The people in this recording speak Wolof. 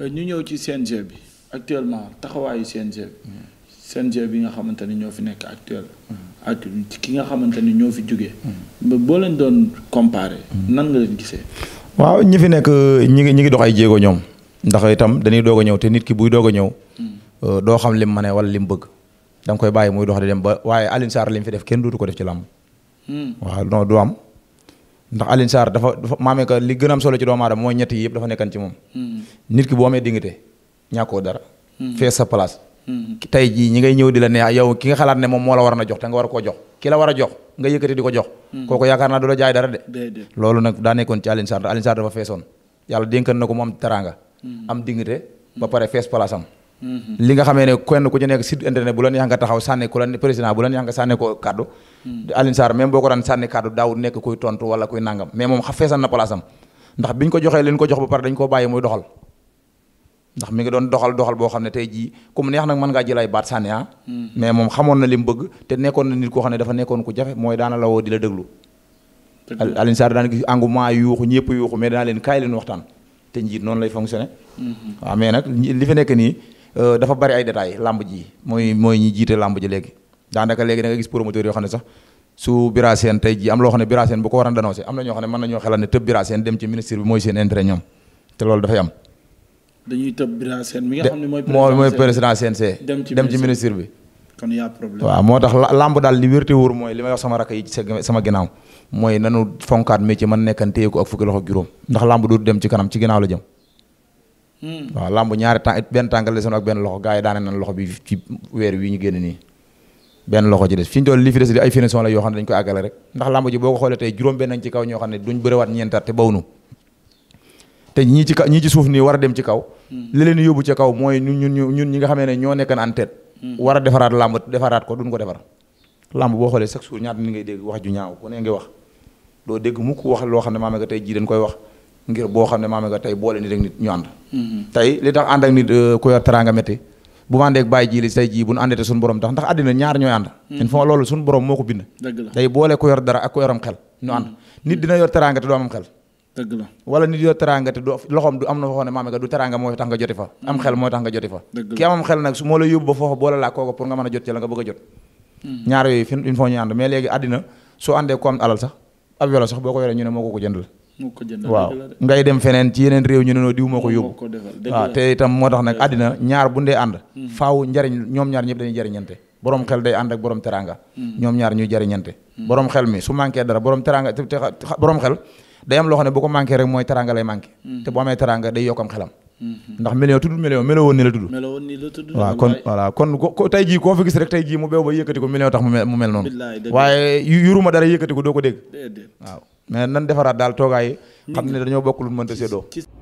Euh, ñu ñëw ci CNG bi actuellement taxawaayu CNG bi. CNG bi nga xamante ni ñoo fi nekk actuel. Mm. ak ki nga xamante ni ñoo fi jógee. Mm. boo leen doon comparé. Mm. nan nga leen gisee. waaw ñi fi nekk ñi ngi ñi ngi dox ay jéego ñoom ndax itam dañuy doog a ñëw te nit ki buy doog a ñëw. Euh, doo xam lim ma ne wala lim bëgg. da nga koy bàyyi muy dox di dem ba waaye Alioune Sarr li fi def kenn dootu ko def ci làmb. waaw non du am. ndax Alioune Sarr dafa dafa maamee que li gën a am solo ci doomu aadama mooy ñett yi yëpp dafa nekkan ci moom. Hmm. nit ki boo mee dignité ñàkkoo dara. Hmm. fees sa place. Hmm. tey jii ñi ngay ñëw di la neex yaw ki nga xalaat ne moom moo la war a jox te nga war koo jox ki la war a jox nga yëkkati di ko jox. kooku yaakaar naa du la jaay dara de. loolu nag daa nekkoon ci Alioune Sarr Alioune Sarr dafa feesoon yàlla dénkan na ko mu am teraanga. am dignité ba pare fees place Mm-hmm. li nga xamee ne kenn ku ci nekk site internet bu la neex nga taxaw sànni ku la président sànni ko kaddu mm-hmm. Alioune Sarr même boo ko daan sànni kaddu daawul nekk kuy tontu wala kuy nangam mais moom boo xam ne tey jii comme neex nag mën ngaa jëlaay baat sànni ah mm-hmm. moom xamoon na li mu bëgg te nekkoon na nit koo xam ne dafa nekkoon ku jafe mooy daana la woo di la déglu Alioune Sarr daan gis engouement yuuxu ñëpp yuuxu mais danaa leen kaay leen waxtaan te njiit noonu lay fonctionné waaw mais nag li fi nekk nii Euh, dafa bari ay détails làmb ji mooy mooy ñi jiite làmb ji léegi daanaka léegi da nga gis promoteur yoo xam ne sax su Bira Sène tey ji am loo xam ne Bira Sène bu ko war a dénoncé am na ñoo xam ne mën nañoo xelal ne tëb Bira Sène dem ci ministre bi seen intérêt ñoom te loolu dafay am. dañuy dem ci ministre bi. kon y a moo tax làmb daal li wérte wóor mooy li may wax sama rakk yi sama ginnaaw mooy nanu fonkaat métier man nekkan téye ko ak fukki loxo juróom ndax làmb du dem ci kanam ci ginnaaw la jëm Hmm. waaw làmb ñaari tànk benn tànk la desoon ak benn loxo gars yi daane nan loxo bi ci weer wi ñu génn nii benn loxo ci des fi ñu doon li fi des di ay finition la yoo xam ne dañ ko àggale rek ndax làmb ji boo ko xoolee tey juróom benn ci kaw ñoo xam ne duñ bëriwaat ñeentaat te bawnu te ñii ci suuf nii war a dem ci kaw hmm. li leen yóbbu ci kaw mooy ñun ñun ñun ñi nga xamee ne ñoo nekkan en tête hmm. war a defaraat làmb defaraat ko duñ ko defar làmb boo xoolee chaque jour ñaata nit ngay ñaaw ku ne ngi wax doo loo xam ne maam nga tey jii dañ koy wax ngir boo xam ne maam nga tey boole nit ak nit ñu ànd mm-hmm. tey li tax ànd ak nit euh, ku yor teraanga métti bu ma àndeek bàyyi ji say jii bu nu àndete suñu borom tax ndax àddina ñaar ñooy ànd il mm-hmm. faut loolu moo ko bind day boole ku yor dara xel ñu mm-hmm. dina yor teraanga te xel dëgg la wala nit yoo teraanga te du loxoom du am na foo ne maame mooy tax nga joti fa am xel mooy tax nga joti fa ki amam xel nag su moo la yóbbu boole laa kooka pour a jot nga bëgg a jot ñaar yooyu ànd mais léegi àddina soo àndee ko am alal sax ab welo sax boo ko yoree ñu ne moo ko ko jëndal waaw ngay dem feneen ci yeneen réew ñu ne noo diw moo ko yóbbu waaw te itam moo tax nag àddina ñaar bu ndee ànd hmm. faaw njariñ ñoom ñaar ñëpp dañuy jariñante borom xel day ànd ak borom teranga hmm. ñoom ñaar ñuy jariñante hmm. borom xel mi su manqué dara borom teranga te borom xel day am loo ne bu ko manqué rek mooy teranga lay manqué te bu amee teranga day yokkam xelam ndax million tudd million melo woon ni la tudd melo kon voilà jii koo fi gis mais nan defaraat daal toogaay xam ne dañoo bokk lu mënta séddoo